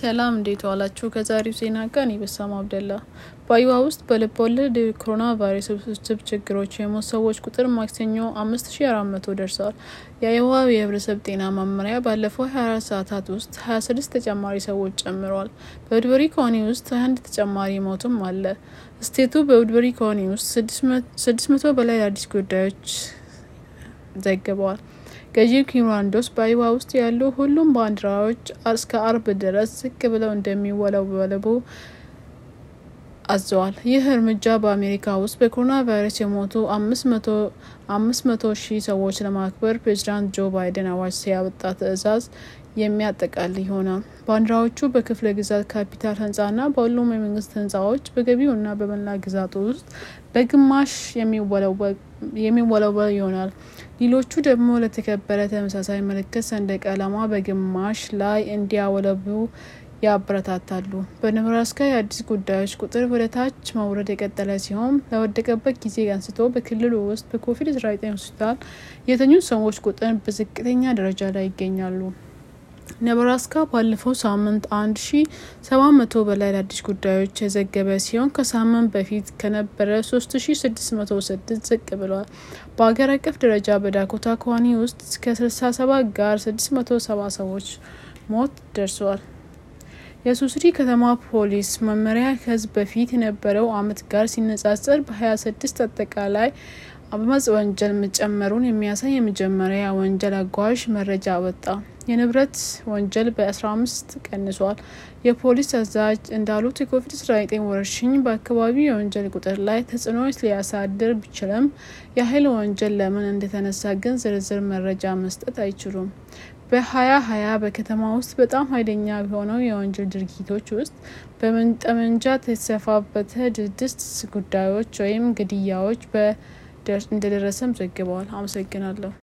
ሰላም እንዴት ዋላችሁ? ከዛሬው ዜና ጋር እኔ በሳም አብደላ። በአይዋ ውስጥ በልብ ወለድ የኮሮና ቫይረስ ስብስብ ችግሮች የሞት ሰዎች ቁጥር ማክሰኞ አምስት ሺ አራት መቶ ደርሰዋል። የአይዋ የህብረተሰብ ጤና መመሪያ ባለፈው ሀያ አራት ሰዓታት ውስጥ ሀያ ስድስት ተጨማሪ ሰዎች ጨምረዋል። በውድበሪ ኮኒ ውስጥ ሀያ አንድ ተጨማሪ ሞትም አለ። ስቴቱ በውድበሪ ኮኒ ውስጥ ስድስት መቶ በላይ አዲስ ጉዳዮች ዘግበዋል። ገዢ ኪሮንዶስ በአይዋ ውስጥ ያሉ ሁሉም ባንዲራዎች እስከ አርብ ድረስ ዝቅ ብለው እንደሚወለወለቡ አዘዋል። ይህ እርምጃ በአሜሪካ ውስጥ በኮሮና ቫይረስ የሞቱ አምስት መቶ ሺህ ሰዎች ለማክበር ፕሬዚዳንት ጆ ባይደን አዋጅ ሲያወጣ ትዕዛዝ የሚያጠቃል ይሆናል። ባንዲራዎቹ በክፍለ ግዛት ካፒታል ህንፃና በሁሉም የመንግስት ህንፃዎች በገቢውና በመላ ግዛቱ ውስጥ በግማሽ የሚወለወል ይሆናል። ሌሎቹ ደግሞ ለተከበረ ተመሳሳይ ምልክት ሰንደቅ ዓላማ በግማሽ ላይ እንዲያወለቡ ያበረታታሉ። በነብራስካ የአዲስ ጉዳዮች ቁጥር ወደ ታች መውረድ የቀጠለ ሲሆን ለወደቀበት ጊዜ አንስቶ በክልሉ ውስጥ በኮቪድ-19 ሆስፒታል የተኙ ሰዎች ቁጥር በዝቅተኛ ደረጃ ላይ ይገኛሉ። ነበራስካ ባለፈው ሳምንት አንድ ሺ ሰባት መቶ በላይ ለአዲስ ጉዳዮች የዘገበ ሲሆን ከሳምንት በፊት ከነበረ ሶስት ሺ ስድስት መቶ ስድስት ዝቅ ብሏል። በሀገር አቀፍ ደረጃ በዳኮታ ከዋኒ ውስጥ ከስልሳ ሰባት ጋር ስድስት መቶ ሰባ ሰዎች ሞት ደርሷል። የሱስሪ ከተማ ፖሊስ መመሪያ ከህዝብ በፊት የነበረው ዓመት ጋር ሲነጻጸር በ26 አጠቃላይ አመጽ ወንጀል መጨመሩን የሚያሳይ የመጀመሪያ ወንጀል አጓዥ መረጃ አወጣ። የንብረት ወንጀል በ15 ቀንሷል። የፖሊስ አዛዥ እንዳሉት የኮቪድ-19 ወረርሽኝ በአካባቢው የወንጀል ቁጥር ላይ ተጽዕኖ ሊያሳድር ቢችልም የኃይል ወንጀል ለምን እንደተነሳ ግን ዝርዝር መረጃ መስጠት አይችሉም። በ2020 በከተማ ውስጥ በጣም ኃይለኛ በሆነው የወንጀል ድርጊቶች ውስጥ በጠመንጃ የተሰፋበተ ስድስት ጉዳዮች ወይም ግድያዎች እንደደረሰም ዘግበዋል። አመሰግናለሁ።